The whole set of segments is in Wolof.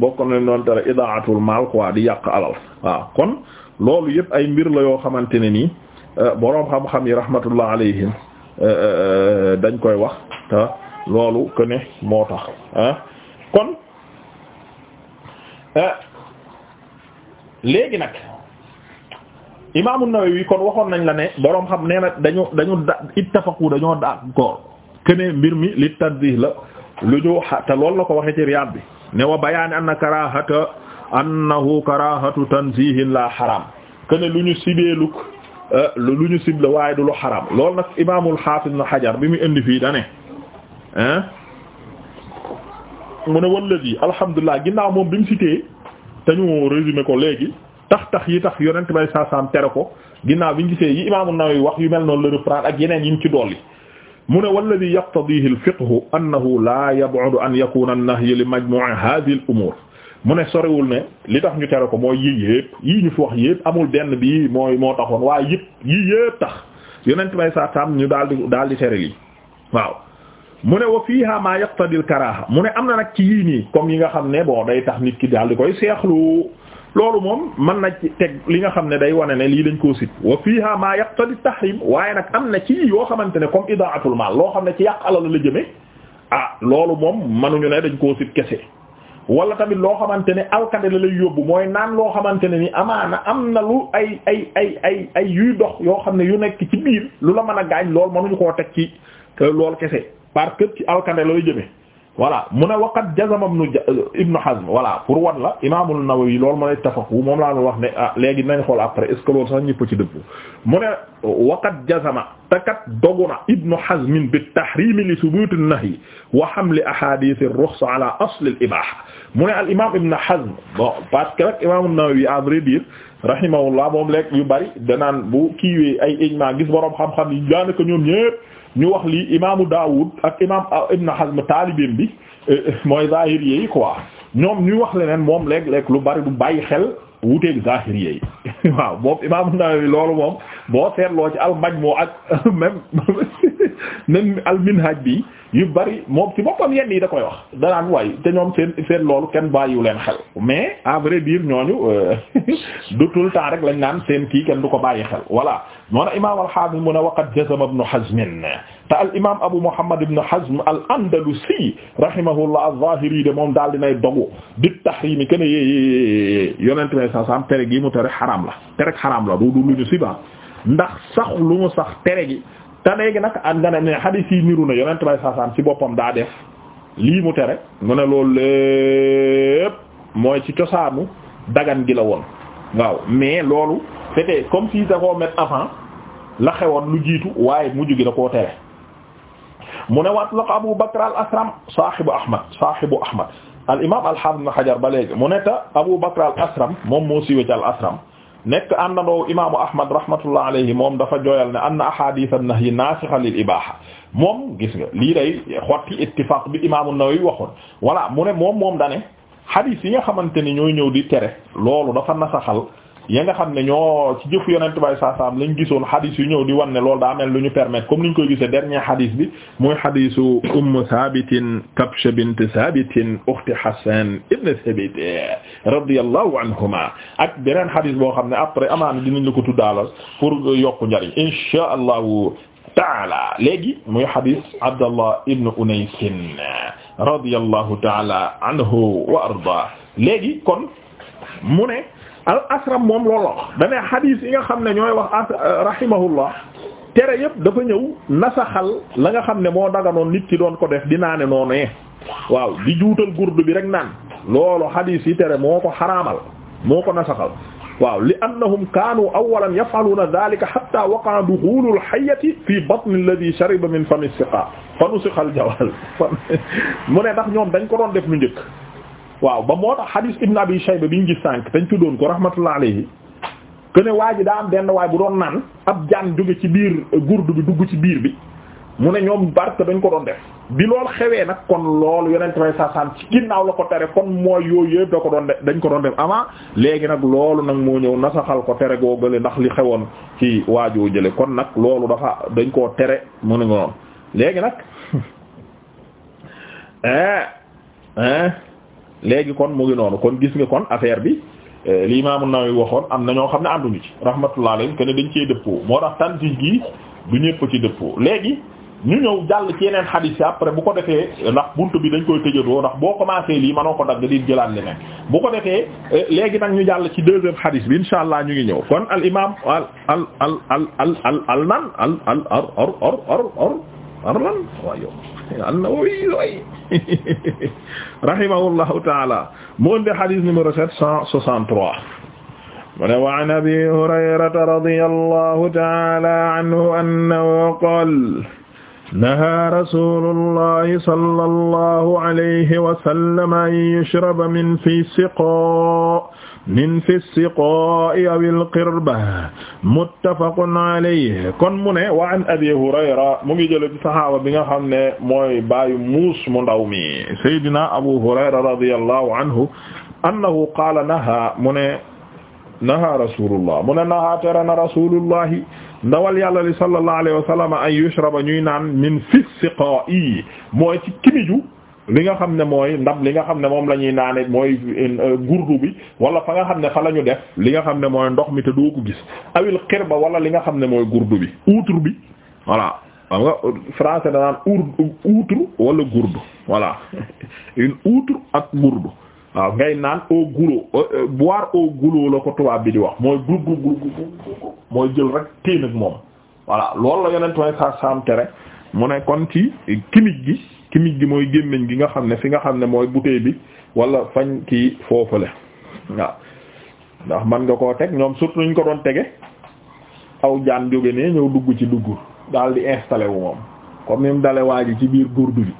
bokkoon nañ noonu tere idaatul maal quoi di yàq alal waaw kon loolu yëpp ay mbir la yoo xamante ne nii euh, boroom xam-xam yi rahmatullah alayhim euh, euh, dañ koy wax te loolu que ne moo tax kon léegi nag imaamu Nawawi kon waxoon nañ la ne boroom xam nee na dañu dañu da ittafaqu dañoo d'accord que ne mbir mi li tadbih la. lu ñu te loolu la ko waxee ci Riyaad bi ne wa bayaani anna karahata annahu karahatu tanzihin la haram kene lu ñu sibeeluk eh, lu ñu sibla waaye du lu haram lool nag imaamul hafiz na Hajar bi mu indi fii dane hein eh, mu ne walladi alhamdulilah ginnaaw moom bi mu cité te ñu résumé ko léegi tax tax yi tax yonent bay saasaam tere ko ginnaaw bi ñu gisee yi imaamu Nawawi wax yu mel noonu la reprendre ak yeneen yi ñu ci dolli mu ne walladi yaqtadihi alfiqhu annahu la yab'udu an yakuna an-nahyu li majmu'i hadhihi al-umur mu ne sorewul ne li tax ñu tere ko mooy yii yëpp yii ñu fi wax yëpp amul benn bi mooy moo taxoon waaye yëpp yii yëpp tax yonent may saa tam ñu daal di daal di tere lii waaw mu ne wa fiiha ma yaqtadi al-karaha mu ne am na nag ci yii nii comme yi nga xam ne bon day tax nit ki daal di koy seexlu loolu moom mën na teg li nga xam ne day wane ne lii dañ koo sit wa fiha ma yaqtadi tahrim waaye nag am na ci yoo xamante ne comme idaatul maal loo xam ne ci yàq alal la jëme ah loolu moom manuñu ne dañ koo sit kese wala tamit loo xamante ne alkande la lay yóbbu mooy naan loo xamante ne ni amaana am na lu ay ay ay ay ay yuy dox yoo xam ne yu nekk ci biir lu la mën a gaañ loolu manuñu koo teg ci loolu kese parce que ci alkande la lay jëme voilà mu ne waqat jazama ibnu ibnu Hazm voilà pour wan la imaam an-Nawawi loolu ma lay tafaqu moom laa doon wax ne ah léegi nañ xool après est ce que loolu sax ñëpp ci dëggu mu ne waqat jazama takat dogu na ibnu Hazm bi tahrim li subut an-nahy wa haml ahadith ar-rukhsa ala asl al-ibaha mu ne al imaam ibnu Hazm bon parce que rek imaam an-Nawawi à vrai dire rahimahullah moom léeg yu bari danaan bu kiiwee ay ijma gis borom xam-xam yi daanaka ñoom ñépp ñu wax li imaamu Daawud ak imaam ah, Ibn Hazm taalibeem bi eh, eh, mooy zahiri yi quoi ñoom ñu wax leneen moom léeg lekk lu bari du bàyyi xel wuteeg zahiri yi waaw boobu imaamu Nawawi loolu moom boo seetloo ci al moo ak même même al bi yu bari moom ci boppam yenn yi da koy wax danaan waay te ñoom seen seen loolu kenn bàyyiwu leen xel mais à biir ñooñu euh, du tout le temps rek lañ naan seen kii kenn du ko bàyyi xel voilà noonu imaam al-Haafis mu ne waqad jazama Ibn Hazm te al imaam Abu Muhammad ibn Hazm al-Andalusi rahimahullah az-Zaahiri de moom daal dinay dogu di tahriim kenn yee yonent bi saa saam tere gi mu tere xaraam la tere xaraam la du du lu ñu siba ndax sax lu mu sax tere gi te léegi nag an nga ne mais hadiis yi niru na yonent bi saa saam ci boppam daa def lii mu tere mu ne loolu mooy ci cosaanu dagan gi la woon waaw mais loolu. c'était comme si da koo mettre avant la xewoon lu jiitu waaye mujj gi da tere mu ne waat lako Abu Bakr al Asram saahibu Ahmad saahibu Ahmad al imam al hafiz ibn Hajar ba léegi mu ne ta Abu Bakr al Asram moom moo siiwee ci al Asram nekk àndandoo imaamu Ahmad rahmatullah alayhi moom dafa jooyal ne anna ahadith an-nahy nasikha lil ibaha moom gis nga lii day xotti ittifaq bi imaamu Nawawi waxoon voilà mu ne moom moom dane hadith yi nga xamante ni ñooy ñëw di tere loolu dafa nasaxal ya nga xam ne ñoo ci jëfu yonent bay saasaam lañ gisoon xadis yu ñëw di wan ne loolu daa mel lu ñu permettre comme ni ñu koy gisee dernier xadis bi mooy xadisu umm thabitin kabsha bint thabitin ukhti hasan ibn thabit radiyallahu anhuma ak beneen xadis boo xam ne après amaana dinañ la ko tuddaalal pour yokku njariñ insha allahu taala léegi muy xadis abdallah ibn unaysin radiyallahu taala anhu wa arda léegi kon mu ne al asram moom loolu la wax xadiis yi nga xam ne ñooy wax euh, rahimahullah tere yëpp dafa ñëw nasaxal la nga xam ne moo daganoon nit ki doon ko def dinaa ne noonee waaw di juutal gurdu bi rek naan loolo xadiis yi tere moo ko xaramal moo ko nasaxal waaw li annahum kaanu awalan yafaluuna dalika xatta waqaa duxulu alxayati fi batne alladi shariba min fami siqa fa nusiqa al jawal mu ne ndax ñoom dañ ko doon def lu njëkk waaw ba moo tax hadis ibn abi shayba bi ñu gis sànk dañ tuddoon ko rahmatullah alayhi que ne waa ji daa am benn waay bu doon naan ab jaan jóge ci biir gurdu bi dugg ci biir bi mu ne ñoom barke dañ ko doon def bi loolu xewee nag kon loolu yeneen may sasaan ci ginnaaw la ko tere kon mooy yooyu yëpp da ko doon def dañ ko doon def avant léegi nag loolu nag moo ñëw nasaxal ko tere goo gële ndax li xewoon ci waajoo jële kon nag loolu dafa dañ koo tere mu ne nga noonu léegi nag léegi kon mu ngi noonu kon gis nga kon affaire bi lii Imam An-Nawawi waxoon am na ñoo xam ne ànduñu ci rahmatullah alayhi que ne dañ cee dëppoo moo tax tanti gi du ñëpp ci dëppoo léegi ñu ñëw jàll ci yeneen xadis yi après bu ko defee ndax bunt bi dañ koy tëjatoo ndax boo commencé lii manoo ko dagg di jëlaat leneen bu ko defee léegi nag ñu jàll ci deuxième xadis bi insha allah ñu ngi ñëw kon al imam al al al al al al nan al al ar ar ar ar ar lan waaw yow an-Nawawi way rahimahullahu taala mu indi hadith numéro sept cent soixante-trois mu ne wa an Abi Hurayrata radiyallahu taala anhu annahu qaala nahaa rasuulullahi sallallahu alayhi wa sallam an yushraba min fii siqaa min fi siqaa'i awil qirba muttafaqun alayhi kon mu ne wa an abi hurayra mu ngi jële ci sahaaba bi nga xam ne mooy baayu muus mu ndaw mi saydina abu hurayra radiyallahu anhu annahu qaala naha mu ne naha rasulullah mu ne naha terana rasulullahi ndawal yàlla li sallallahu alayhi wa sallam an yushraba ñuy naan min fi siqaa'i mooy ci kimiju li nga xam ne mooy ndab li nga xam ne moom la ñuy naane mooy euh, gurdu bi wala fa nga xam ne fa la ñu def li nga xam ne mooy ndox mi te doo ko gis awil xirba wala li nga xam ne mooy gurdu bi outre bi voilà xam nga français danaan outre wala gurdu voilà une outre ak gurdu waaw ngay naan au goulot euh, euh, boire au la ko tubaab bi di wax mooy gurg mooy jël rek téen ak moom voilà loolu la yonent may sa tere mu ne kon ci chimique gi kimij gi mooy gémmiñ gi nga xam ne fi nga xam ne mooy bouteille bi wala fañ kii foofale waaw ndax man nga koo teg ñoom surtout ñu ko doon tege aw jaan jóge ne ñëw dugg ci dugg daal di installé wu moom comme ni dale waa ji ci biir guur gurdu bi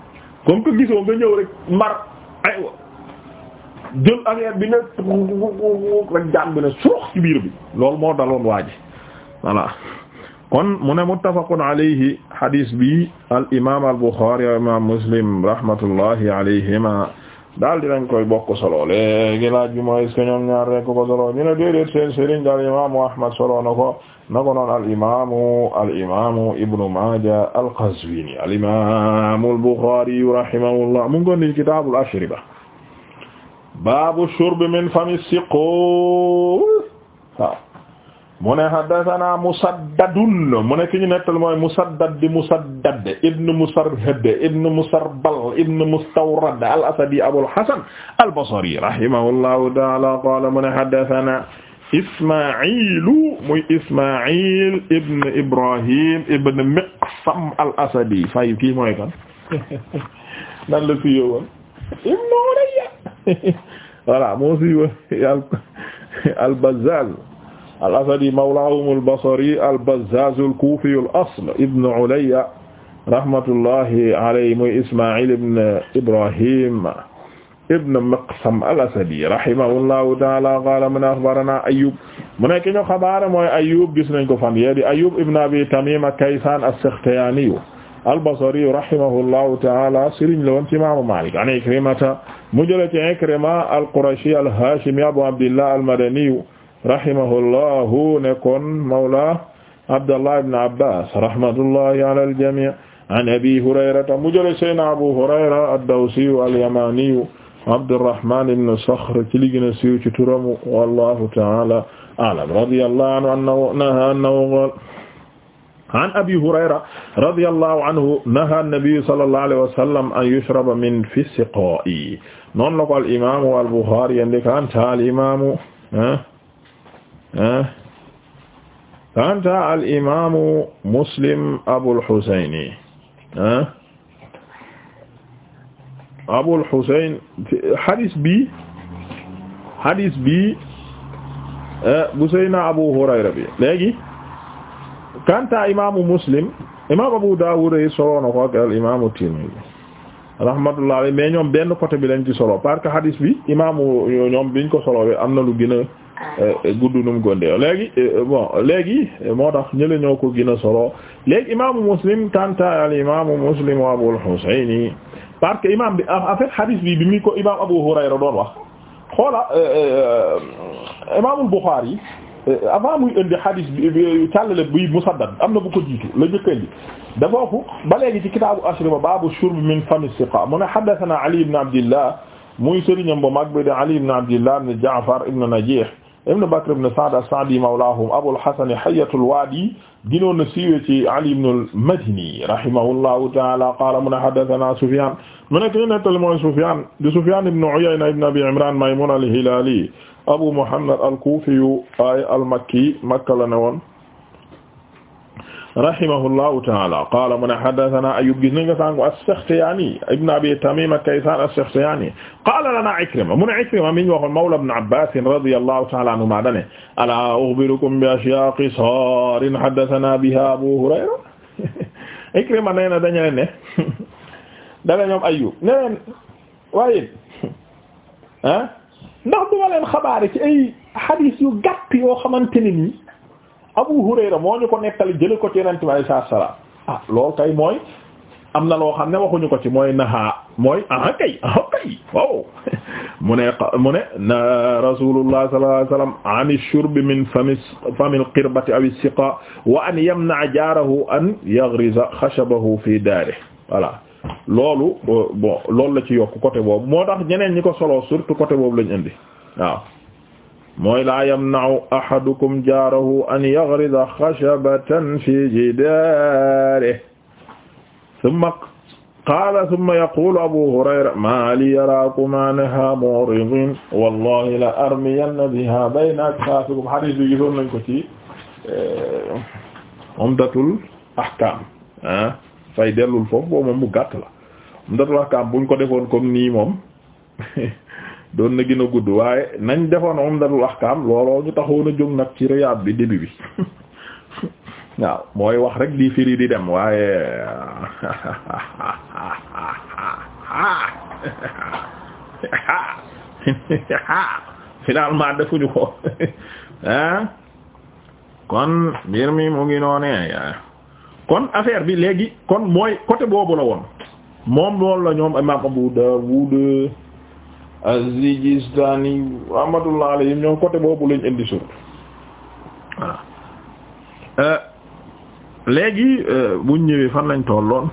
comme que gisoo nga ñëw rek mar aywa jël affaire bi ne rek jaan bi ci biir bi loolu moo daloon waa ji voilà kon mu ne muttafaqun alayhi hadis bi al imam al Bukhari imam Muslim rahmatullahi alayhima daal dinañ koy bokk solo léegi laaj bi mooy est-ce que ñoom ñaar rekk ko solo ñu ne déedéet seen sëriñ daal imamu Ahmad solo na ko na ko noon al imamu al imamu Ibnu Maaja al Qazwini al imamu al Bukhari rahimahullah mu ngi koon di kitaabul ashriba baabu shurb min fami siqo waaw mu ne haddathana musaddadun mu ne ki ñu nettal mooy musaddad di musaddad ibn musarhad ibn musarbal ibn mustawrad al asadi abul hasan al basri rahimahullahu ta'ala qala mu ne haddathana ismailu muy ismail ibn ibrahim ibn miqsam al asadi fay kii mooy kan nan la fi yowoon ibn ulayya voilà moo fi yowoon al bazzaz al-Asadi mawlaahum al-Basri al-Bazzaaz al-Kuufi al-asl ibn Ulayya rahmatullahi alayhi muy Ismaa'il ibn Ibrahim ibn Miqsam al-Asadi rahimahullahu ta'aala qaala mu ne axbaranaa Ayyuub mu nekk ñu xabaar mooy Ayyuub gis nañ ko fan yéen di Ayyuub ibn Abi Tamiim Kaysaan as-Saxtiyaani al-Basri rahimahullahu ta'aala sëriñ la woon ci Imaamu Maalik an Ikrimata mu jëlee ci Ikrima al-Qurashi al-Haashimi Abu Abdillah al-Madani rahimahullahu nekkoon mawla Abdallah ibn Abbas rahmatullahi ala al-jami' an abi hurayrata mu jële sayna abu hurayra ad-dawsiyu al-yamaniyu abdurrahman ibn sakhr ci li gën a siiw ci turam wallahu ta'ala a'lam radiyallahu anhu annahu qala an abi hurayra radiyallahu anhu naha an-nabiy sallallahu alayhi wa sallam an yushraba min fi siqaa'i noonu la ko al-imaamu al-bukhari yandi kan ta'al imaamu ah, anta al imaamu muslim abul xusayni abul xusayn hadis bi hadis bi eh, bu seyna abu hurayra bi léegi kanta imaamu muslim imaam abu daawud yi solo na ko ak al imaamu tirmidhi rahmatullah mais ñoom benn côté bi lañ ci solo parce que hadis bi imaamu ñoom biñ ko solo am na lu gën Euh, gudd num gondeew léegi euh, bon léegi moo tax ñële ñoo ko gën a solo léegi imaamu muslim kanta al imaamu muslim wa abul husayni parce que imaam bi en fait hadith bi bi mi ko imaam abu hurayra doon wax xoola euh, imaamul buxaari avant muy indi hadith bi càllale bi musaddad am na bu ko jiitu la njëkk indi dafa foofu ba léegi ci kitaabu ashriba baabu shurb min fami siqa mu ne haddathana ali ibn abdillah muy sëriñam bu mag bi di ali ibn abdillah ibn ja'far ibn najih ibn Bakr ibn Sa'd as-Sa'di mawlaahum Abul Hasan Hayyatul Waadi ginoon na siiwee ci Ali ibn al-Madini rahimahullahu ta'ala qaala mun haddathanaa Sufyaan mu nekk ñu nettali mooy Sufyaan di Sufyaan ibn Uyayna ibn Abi Imraan Maymuun al-Hilaali Abu Muhammad al-Kuufi ay al-Makki Makka la ne woon rahimahullahu taala qaala mu ne haddathana Ayyub gis nañ nga sàngo as-Sakhtiyani ibn Abi Tamim Kaysan as-Sakhtiyani qaala lana Ikrima mu ne Ikrima mi ñu waxoon mawla Ibn Abbas radiyallahu taala anhuma dane alaa ukhbirukum bi ashyaa qisaarin haddathana biha Abu Hurayra Ikrima nee na dañu ne dana ñoom Ayyub ne leen waaye ah ndax duma leen xabaare ci ay hadith yu gàtt yoo xamante ni Abu Hurayra moo ñu ko nettali jële ko ci Yonent bi alayhi salaatu wa salaam ah loolu kay mooy am na loo xam ne waxuñu ko ci mooy nahaa mooy ah kay ah kay waaw mu ne mu ne na Rasulullah sallallahu alayhi wa sallam an ash-shurbi min fami famil qirbati aw as-siqa wa an yamna'a jaarahu an yaghriza khashabahu fi daarihi voilà loolu bon loolu la ci yokk côté boobu moo tax ñeneen ñi ko soloo surtout côté boobu lañ indi waaw mooy laa yamna'u ahadukum jaarahu an yaghrida khashabatan fi jidaarihi thumma qaala thumma yaqulu abu hurayra maa li yaraakumaa anhaa mu'ridiin wallaahi la armiyanna bihaa bayna akfaafikum hadiis bi gisoon nañ ko ci eh, umdatul ahkaam ah fay dellul foofu boobu moom mu gàtt la umdatul ahkaam buñ ko defoon comme nii moom. doon na gën a gudd waaye nañ defoon Umdatul Ahkam looloo ñu taxoon a jóg nag ci Riyad bi début bi waaw mooy wax rek di firi di dem waaye finalement defuñu ko ah kon mbir mi mu ngi noonee kon affaire bi léegi kon mooy côté boobu la woon moom loolu la ñoom imam Abu Dawud az-Sijistani rahmatullah alayhim ñoom côté boobu lañ indiso sur voilà euh, léegi euh, buñ ñëwee fan lañ tolloon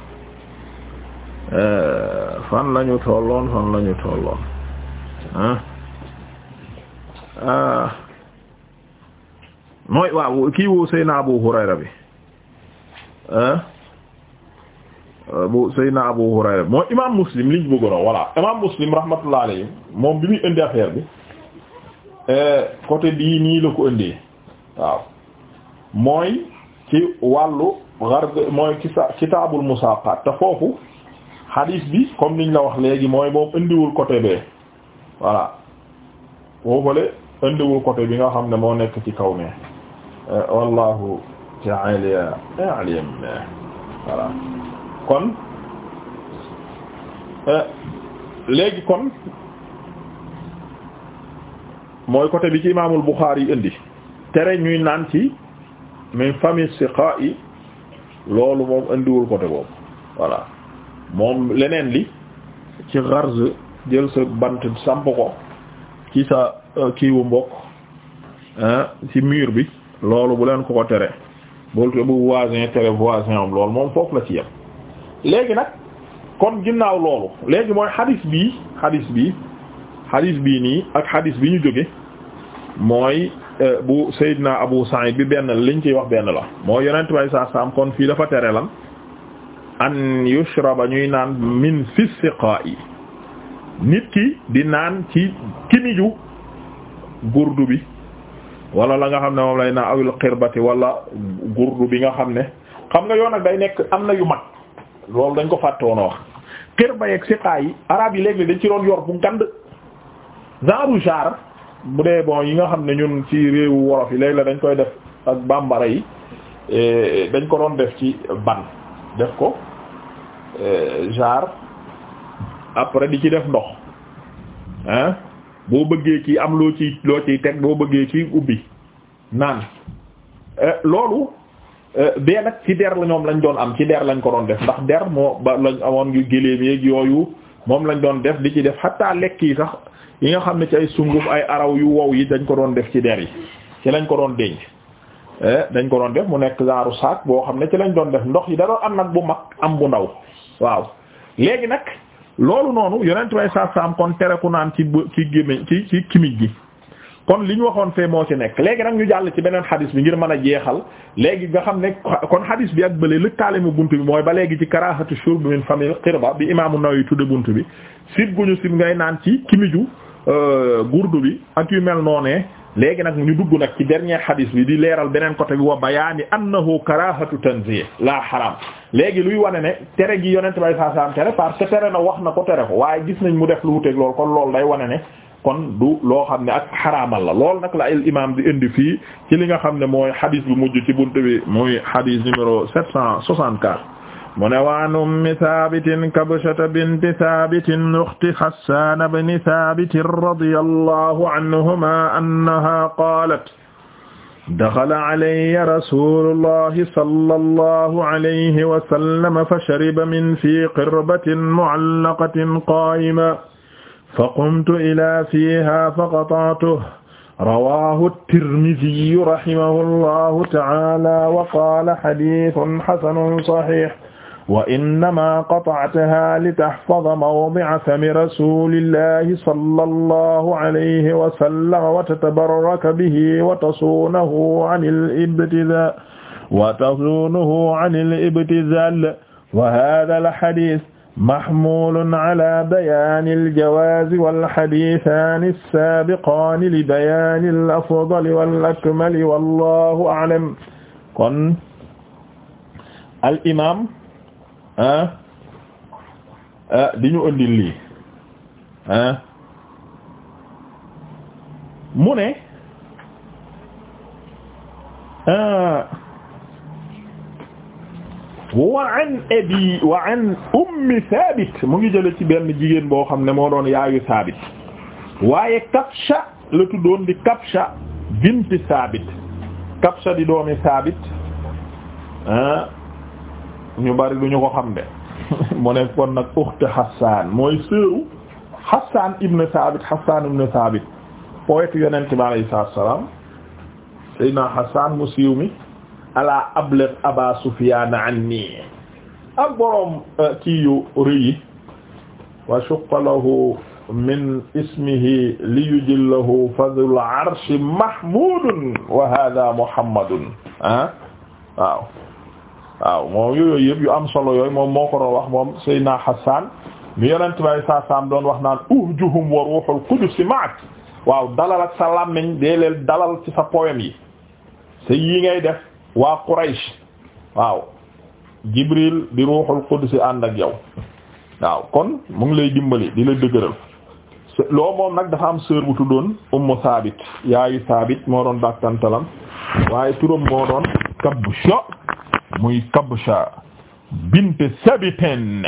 euh, fan lañu tolloon fan lañu tolloon ah mooy waaw kii woo Seyna Abu Hurayra bi ah bu Seydina Abu Hurayra moo imaam Muslim liñ bëggoon voilà imaam Muslim rahmatullah moom bi muy indi affaire bi eh, côté bii nii la ko indee waaw mooy ci wàllu garb mooy kitaabul musaaqaat te foofu hadis bi comme niñ la wax léegi mooy moom indiwul côté bee voilà foofale indiwul côté bi nga xam ne moo nekk ci kaw ne eh, wallahu ta'ala a'lam voilà kon euh, léegi kon mooy côté bi ci imaamul Buxaari yi indi tere ñuy naan ci mais famille siqa yi loolu moom indiwul côté boobu voilà moom leneen li ci garz jël sa bant samp ko ci sa euh, kiiwu mbokk ci mur bi loolu bu leen ko ko tere bool ko bu voisin tere voisin am loolu moom foofu la ci yem léegi nag kon ginnaaw loolu léegi mooy xadis bii xadis bii xadis bii nii ak xadis bi ñu jóge mooy euh, bu Seydina Abu Sa'id bi benn liñ ciy wax benn la moo yonent bay saa kon fii dafa tere lan an yushraba ñuy naan min fi yi nit ki di naan ci kiniju gurdu bi wala la nga xam ne moom lay naan awil xirbati wala gurdu bi nga xam ne xam nga yoon ak day nekk am na yu mag loolu dañ ko fàtte a wax xër ba yeeg siqaa yi arab yi léegi dañ ci doon yor bu ngand genre genre bu dee bon yi nga xam ne ñun ci réewu wolof yi léegi la dañ koy def ak bàmbara yi e, dañ ko doon def ci ban def ko e, genre après di ci def ndox hein boo bëggee ci am loo ci loo ci teg boo bëggee ci ubbi naan e, loolu Euh, bee nag ci der la ñoom lañ doon am ci der lañ ko doon def ndax der moo ba lañ amoon ngi géléem yeeg yooyu moom lañ doon def di ci def xataa lekk yi sax yi nga xam ne ci ay sunguf ay araw yu wow yi dañ ko doon def ci der yi ci lañ ko doon denc eh, dañ ko doon def mu nekk genre saak boo xam ne ci lañ doon def ndox yi da doon am nag bu mag am bu ndaw waaw léegi nag loolu noonu yonent way sa sam kon tere ku naan ci ci gémmiñ ci ci kimij gi kon li ñu waxoon fee moo ci nekk léegi nag ñu jàll ci beneen xadis bi ngir mën a jeexal léegi nga xam ne kon xadis bi ak bële lëkkaale mu bunt bi mooy ba léegi ci karaahatu shurb min famil qirba bi imaamu Nawawi tudde bunt bi sib guñu sib ngay naan ci kimiju euh, gurdu bi ak yu mel noonee léegi nag ñu dugg nag ci dernier xadis bi di leeral beneen côté bi wa bayaani annahu karahatu tanzih la haram léegi luy wane ne tere gi yonent bay saasaam tere parce que tere na wax na ko ko waaye gis nañ mu def lu wuteeg kon loolu day wane ne kon du loo xam ne ak xaraamal la lool nag la al imam di indi fii ci li nga xam ne mooy xadis bu mujj ci bunt bi muy xadis numéro sept cent soixante-quatre mu ne waan ummi thabitin kabshata binti thabitin ukhti hassan ibn thabit radiyallahu anhuma annaha qalat daxala alayya rasulullahi sallallahu alayhi wa sallam fa shariba min fi qirbati mu'allaqatin qaa'ima faqumtu ilaa fiihaa faqata'tuhu rawaahu tirmiziyu rahimahullahu ta'aalaa wa qaala hadiisun hasanun sahiih wa innamaa qata'tahaa litahfaza mawdi'a fami rasuulillaahi sallallahu alayhi wa sallam wa tatabarraka bihi wa tasuunahu 'anil ibtizaal wa tasuunahu 'anil ibtizaal wa haadhal hadiis mahmulun ala bayaani aljawaazi walxadiisaani assaabiqaani li bayaani alafdali wal akmali wallaahu a'lam kon al imaam ah di ñu ëndi lii ah mu ne ah. wa an abi wa an ummi Saabit mu ngi jële ci benn jigéen boo xam ne moo doon yaayu Saabit waaye Kabsha la tuddoon di Kabsha binti Saabit Kabsha di doomi Saabit ah ñu bari lu ñu ko xam de mu ne kon nag uxti Hassan mooy seeru Hassan ibn Saabit Hassan ibn Saabit poète yonent bi alayhi salaam Seydina Hassan mu siiw mi ala abligh aba sufyan anni ak boroom eh, kii yu rëyi wa shaqqa lahu min ismihi liyujillahu fadhul arshi mahmudun wa hadha muhammadun ah waaw waaw moom yooyu yëpp yu am solo yooyu moom moo ko doon wax moom Seydina Hassan mi yonent bay saa saam doon wax naan uhjuhum wa ruhul qudus ma'ak waaw dalal ak sa làmmiñ dee leel dalal ci sa poème yi sa yi ngay def waa Quraysh waaw Jibril di ruuxul qudsi ànd ak yow waaw kon mu ngi lay dimbali di la dëgëral loo moom nag dafa am sœur bu tuddoon Ummu Saabit yaayu Saabit moo doon daktantalam waaye turam doon Kabsha muy Kabsha bint Sabitin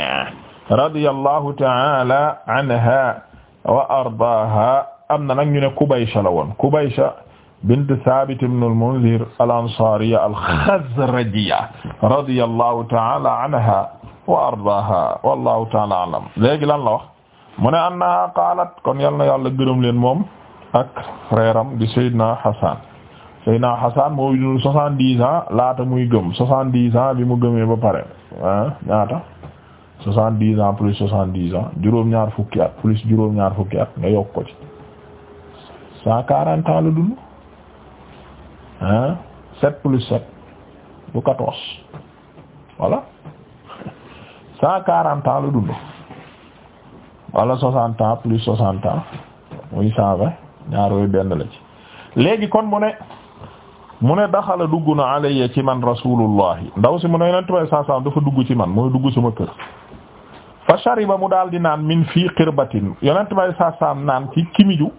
radiyallahu ta'ala anha wa ardaaha am na nag ñu ne Kubaysha la woon Kubaysha bint Saabit ibn al-Mundhir al-Ansaariya al-Khazrajiya radiyallahu ta'ala anha wa ardaaha wallahu ta'ala a'lam léegi lan la wax mu ne annaha qaalat kon yal na yàlla gërëm moom ak frère am di Seydina Hassan Seydina Hassan moo dund soixante-dix ans laata muy gëm soixante-dix ans bi mu gëmee ba pare ah ñaata soixante plus soixante-dix ans ñaar fukki at plus juróom-ñaar fukki nga yokk ko ci cent quarante ans la ah sept plus sept du quatorze voilà cent quarante ans la dund wala soixante ans plus soixante ans muy cent vingt ñaar yooyu benn la ci léegi kon mu ne mu ne daxala dugg na alayya ci man rasulullahi ndaw si mu ne yonent bay saasaam dafa dugg ci man mooy dugg sama kër fa shariba mu daal di naan min fii xirbatin yonent bay saasaam naan ci kimiju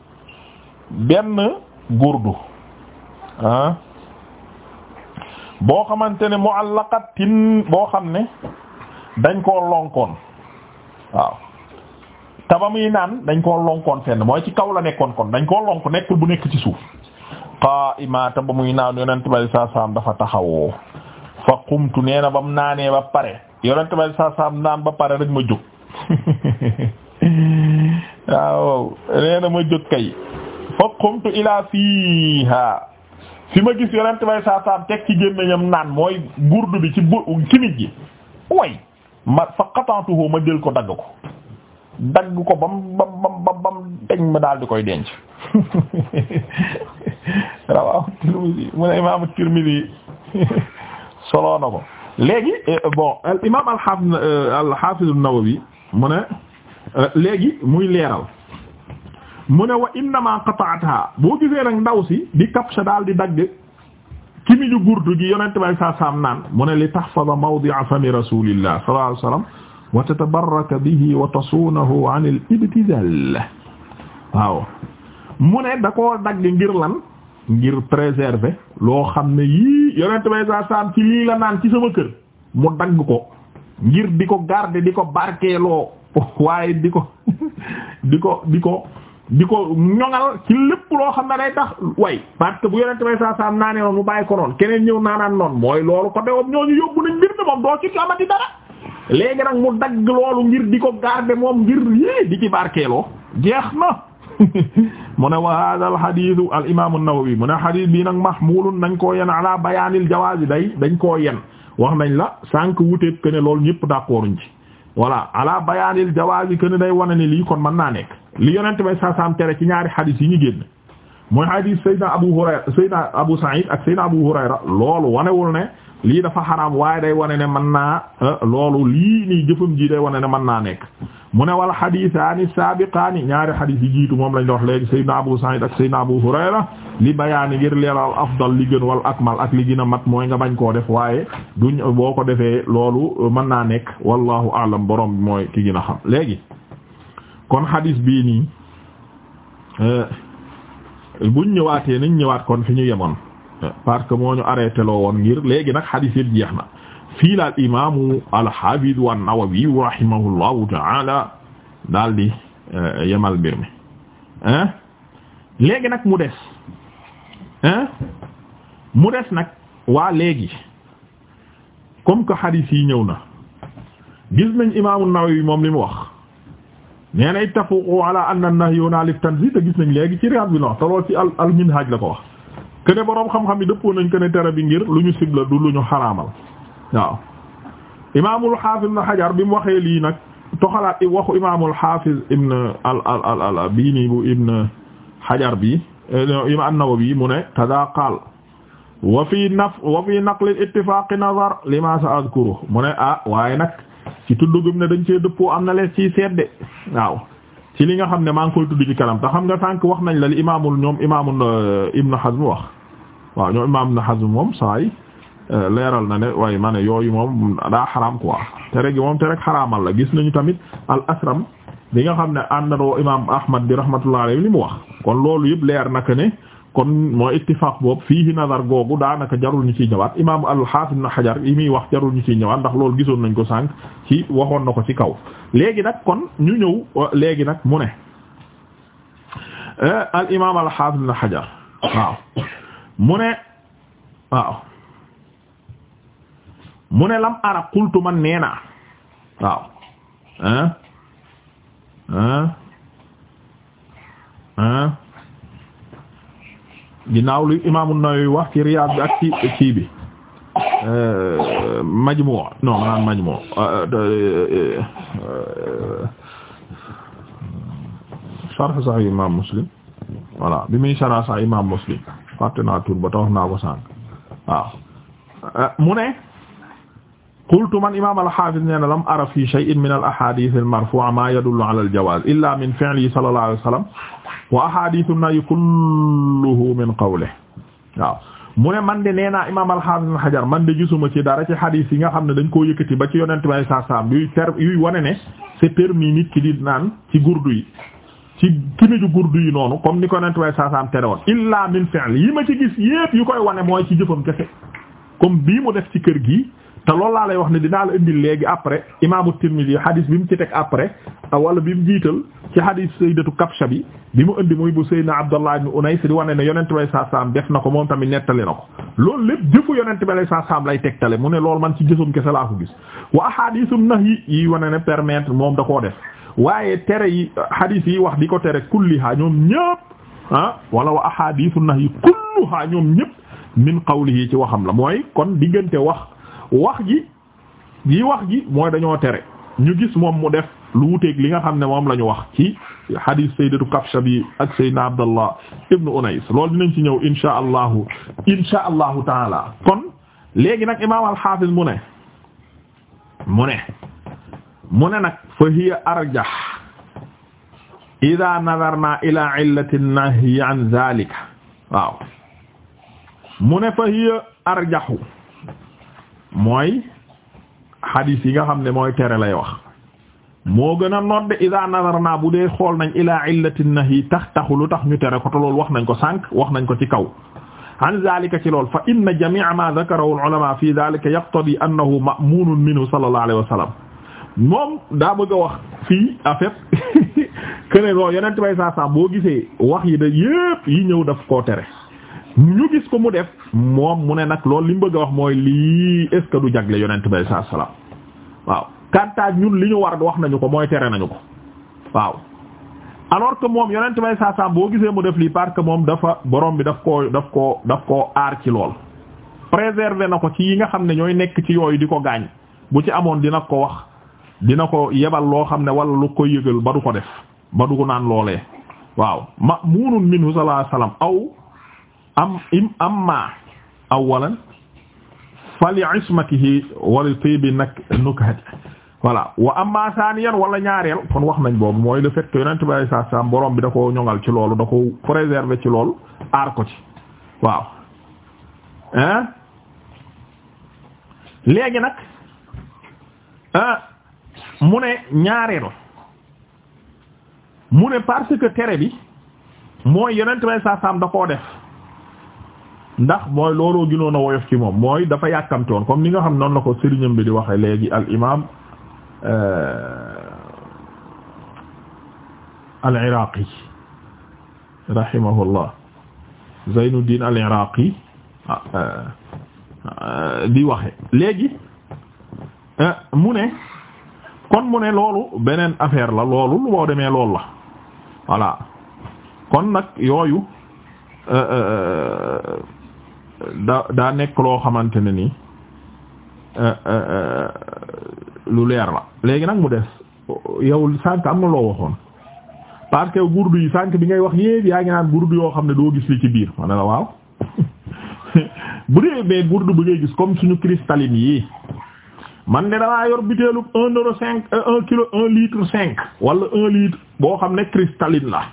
benn gurdu ah boo xamante ne mu muallaqatin boo xam ne dañ koo lonkoon waaw te ba muy naan dañ koo lonkoon fenn mooy ci kaw la nekkoon kon dañ koo lonk nekkul bu nekk ci suuf qaa'imata ba muy naan yonent bi saa saam dafa taxawoo fa qumtu nee na ba mu naanee ba pare yonent bi saa saam naan ba pare dañ ma jóg waaw nee ma jóg kay fa qumtu ilaa fiiha fi ma gis yonent bay saa saam teg ci gémmiñam naan mooy gurdu bi ci bu ci nit way ma fa ma jël ko dagg ko dagg ko bam ba bam bam bam deñ ma daal di koy denc rawaw Tirmidhi mu ne imaamu Tirmidhi soloo ko léegi eh, bon al imaam al hafiz euh, al hafiz nawawi mu ne euh, léegi muy leeral mu ne wa innama qata'atha boo gisee nag ndaw si di kapsa daal di dagg ki mi ñu gurdu gi yonent bay saa saam naan mu ne li tahfaza mawdi'a fami rasulillah sallallahu alayhi wasallam wa tatabarraka bihi wa tasuunahu 'an al-ibtizal waaw mu ne da koo dagg ngir lan ngir préserver loo xam ne yii yonent bay saa saam ci lii la naan ci sama kër mu dagg ko ngir di ko garder di ko barkeeloo waaye di ko di ko di ko di ko ñoŋal ci lépp loo xam ne day tax way parce bu yonente bay saa saam naanee noonu mu bàyyi ko noonu keneen ñëw naanaan noonu mooy loolu ko dewoon ñooñu yóbbu nañ mbir mi moom doo ci amati dara léegi nag mu dagg loolu ngir di ko garder moom ngir yii di ci barkeeloo jeex na mu ne wa hada al hadith al imam an-Nawawi mu ne hadith bi nag mahmulun nañ koo yen ala bayaanil jawaazi day dañ koo yen wax nañ la sànq wuteeb que ne loolu ñëpp d'accorduñ ci voilà ala bayaanil jawaazi que ne day wane ne lii kon mën naa nekk li yonente bay saasaam tere ci ñaari xadis yi ñu génn mooy xadis Seydina Abu Hurayra Seydina Abu Sa'id ak Seydina Abu Hurayra loolu wanewul ne lii dafa xaraam waaye day wane ne mën naa loolu lii ni jëfam jii day wane ne mën naa nekk mu ne wal xadiisaani saabiqaani ñaari xadiis yi jiitu moom lañ la wax léegi Seydina Abu Saïd ak Seydina Abu Hurayra li bayaani ngir leeral afdal li gën wal akmal ak li gën a mat mooy nga bañ koo def waaye duñ boo ko defee loolu mën naa nekk wallahu alam borom bi mooy ki gën a xam léegi kon xadiis bii nii euh, buñ ñëwaatee nañ ñëwaat kon fi ñu yemoon parce que moo ñu arrêté loo woon ngir léegi nag xadiis yëpp jeex na fii la al imaamu alxafidu an-Nawawi rahimahullahu taala daal daaldi eh, yemal mbir mi eh? léegi nag mu des eh? mu des nag waa léegi comme que xadis yi ñëw na gis nañ imaamu an-Nawawi moom li mu wax nee na ittafaqu ala anna an-nahyu na lif tanzih te gis nañ léegi ci Riyad bi no te ci al al minhaj la ko wax kene boroom xam-xam yi dëppoo nañ ko ne tere bi ngir lu ñu sibla du lu ñu xaraamal waaw imaamul xaafiz bi mu waxee lii nag toxalaat waxu imaamul xaafiz ibn al al al al bii ibn Hajar bi eh, imaam an-Nawawi mu ne kadaa qaal wa fi naf wa fi naqli mu ne ah waaye nag ci tuddugum ne dañ cee dëppoo am na lees ciy seedde waaw li nga xam ne maa ngi koy tudd ci kanam te xam nga tànk wax nañ la li imaamul ñoom imaamul eh, Ibn Hazm wax waaw ñoom imaam Ibn Hazm moom Euh, leeral na ne waaye ma ne yooyu moom daa xaraam quoi tere gi moom xaraamal la gis nañu tamit al asram bi nga xam ne àndandoo imaam Ahmad bi rahmatullah wax kon loolu leer naka ne kon moo ittifaq boobu fiihi nazar googu daanaka jarul ciy ñëwaat imaam al-Hafiz Ibn Hajar yi muy wax jarul ñu ciy ñëwaat ndax loolu gisoon nañ ko sànq ci waxoon na ko ci kaw léegi nag kon ñu ñëw léegi nag mu ne euh, al imaam al-Hafiz Ibn waaw mu ne waaw mu ne lam ara qultu man nee naa waaw ah ah ah ginnaaw li imaamu Riyaad bi ak ci kii bi euh, Majmu' non maanaam Majmu' euh, euh, sharh Sahih Muslim voilà bi muy sharh Sahih imaam Muslim fàtte naa tur ba naa ko sànq waaw mu qultu man imaam al-Haafiz nee na lam ara fi shay'in min al-ahaadiith al-marfuu'a maa yadullu ala al-jawaaz illaa min fi'lihi sallallaahu alayhi wa sallam wa ahaadiithu an-nabiyyi kulluhu min qawlihi waaw mu ne man de nee naa imaam al-Haafiz Ibn Hajar man de gisuma ci dara ci xadiis yi nga xam ne dañ koo yëkkati ba ci yonent bi saa saam yuy ter yuy wane ne c'est permis nit ki di naan ci gurdu yi ci kiniju gurdu yi noonu comme ni ko yonent bi saa saam tere woon illaa min fi'lihi yi ma ci gis yépp yu koy wane mooy ci jëfam kese comme bii mu def ci kër gi te loolu laa lay wax ne dinaa la indi léegi après imaamu Tirmidhi hadis bi mu ci teg après wala bi mu jiital ci hadis sayyidatu Kabsha bi bi mu indi muy bu sayyidina Abdallah ibn Unais di wane ne yonent bay saa saam def na ko moom tamit nettali na ko loolu lépp jëfu yonent bay saa lay tegtale mu ne lool man ci jëfam kese laa ko gis wa ahadisu nahyi yi wane ne permettre moom da koo def waaye tere yi hadis yi wax di ko tere kulliha ñoom ñëpp ah wala wa ahadisu nahyi kulluha ñoom ñëpp min qawlihi ci waxam la mooy kon diggante wax. wax ji wax ji mooy dañoo tere ñu gis moom mu def lu wuteeg li nga xam ne moom la wax ci hadith sayyidatu Kafsha bi ak sayyidna Abdallah ibn Unais loolu dinañ ci ñëw insha allahu insha allahu taala kon léegi nag imaam al mu ne mu ne mu ne nag fa hiya arjah ida nadarna ila illati nahyi an zalika waaw mu ne fa hiya arjahu mooy hadith yi nga xam ne mooy tere lay wax moo gën a nodde ida nazarna bu dee xool nañ ila illati nahi tax taxu lu tax ñu tere ko te loolu wax nañ ko sànq wax nañ ko ci kaw an zalika ci lool fa inna jami'a ma dhakarahu al-ulama fi dhalika yaqtadi annahu ma'munun minhu sallallahu alayhi wa sallam moom daa bëgg a wax fii en fait que ne loolu yonent bay saa saa boo gisee wax yi da yépp yi ñëw daf koo tere ñu gis ko mu def moom mu ne nag loolu li mu bëgg a wax mooy lii est ce que du jagle yonent bi saa salaam waaw kantaaj ñun li ñu war wax nañu ko mooy tere nañu ko waaw alors que moom yonent bi sa salaam boo gisee mu def lii parce que moom dafa borom bi daf koo daf koo daf koo aar ci lool préserver na ko ci yi nga xam ne ñooy nekk ci yooyu di ko gaañ bu ci amoon dina ko wax dina ko yebal loo xam ne wala lu ko yëgal ba du ko def ba du ko naan loolee waaw ma mu minhu sallallahu alayhi am im amma awalan fa li ismatihi wala tibi nag nukhati voilà wa amma thaniyan wala ñaareel kon wax nañ boobu mooy le fait que yonent bi saa saa borom bi da ko ñoŋal ci loolu da ko préserver ci loolu aar ko ci waaw hein léegi nag mu ne ñaareel mu ne parce tere bi mooy yonent bi saa saa da koo def ndax mooy looloo gënoon a woyof ci moom mooy dafa yàkkamte woon comme ni nga xam noonu la ko sëriñam bi di waxe léegi al imam euh, al iraqi rahimahullah Zaynuddin al iraqi ah, euh, di waxe léegi euh, mu ne kon mu ne loolu beneen affaire la loolu boo demee loolu la voilà kon nag yooyu da daa nekk loo xamante ne nii eh, eh, eh, lu leer la léegi nag mu des yow sànq am na loo waxoon parce que yi sànq bi ngay wax yépp yaa ngi naan yoo xam ne doo gis li ci biir ma ne la waaw bu dee mais burdu bi ngay gis comme suñu cristalline yi man de damaa yor butéelu un euro cinq un kilo un litre cinq wala un litre boo xam ne cristalline la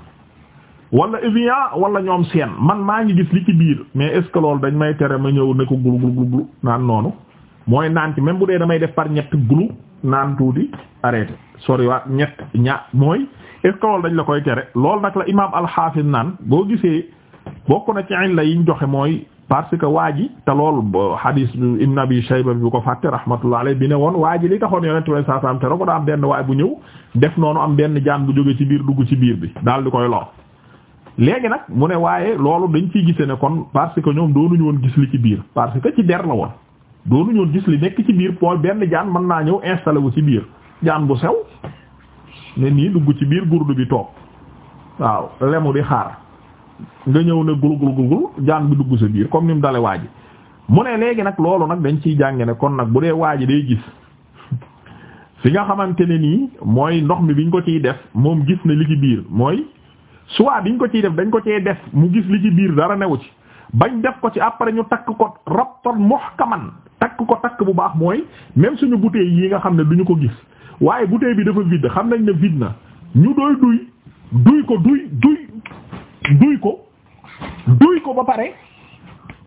wala Evian wala ñoom seen man maa ngi gis li ci biir mais est ce que loolu dañ may tere ma ñëw ne ko gulu gulu gulu naan noonu mooy naan ci même bu dee damay def par ñett gulu naan tuuti arrêté soriwaat ñett ña mooy est ce que loolu dañ la koy tere loolu nag la imaam alxaafis naan boo gisee bokk na ci illa yiñ joxe mooy parce que waa ji te lool hadis ibn abi shayba bi bu ko fàtte rahmatullah alayhi bi ne woon waa ji li taxoon yonent way saa saam te ko daa am bu ñëw def noonu am benn jaan jóge ci biir dugg ci biir bi daal di koy lor léegi nag mu ne waaye loolu dañ ciy gise ne kon parce que ñoom doonuñu woon gis li ci biir parce que ci der la woon doonuñu woon gis li nekk ci biir pool benn jaan mën naa ñëw installé wu ci biir jaan bu sew ne nii dugg ci biir gurdu bi toog waaw lemu di xaar nga ñëw ne gul gul gul jaan bi dugg sa biir comme ni mu dale waa ji mu ne léegi nag loolu nag dañ ciy jànge ne kon nag bu dee waa ji day gis fi nga xamante ne nii mooy ndox mi biñ ko ciy def moom gis na li biir mooy soit diñ ko ciy def dañ ko cee def mu gis li ci biir dara newu ci bañ def ko ci après ñu takk ko rabtan muhkaman takk ko takk bu baax mooy même suñu bouteille yi nga xam ne duñu ko gis waaye bouteille bi dafa vide xam nañ ne vide na ñu doy duy duy ko duy duy duy ko duy ko ba pare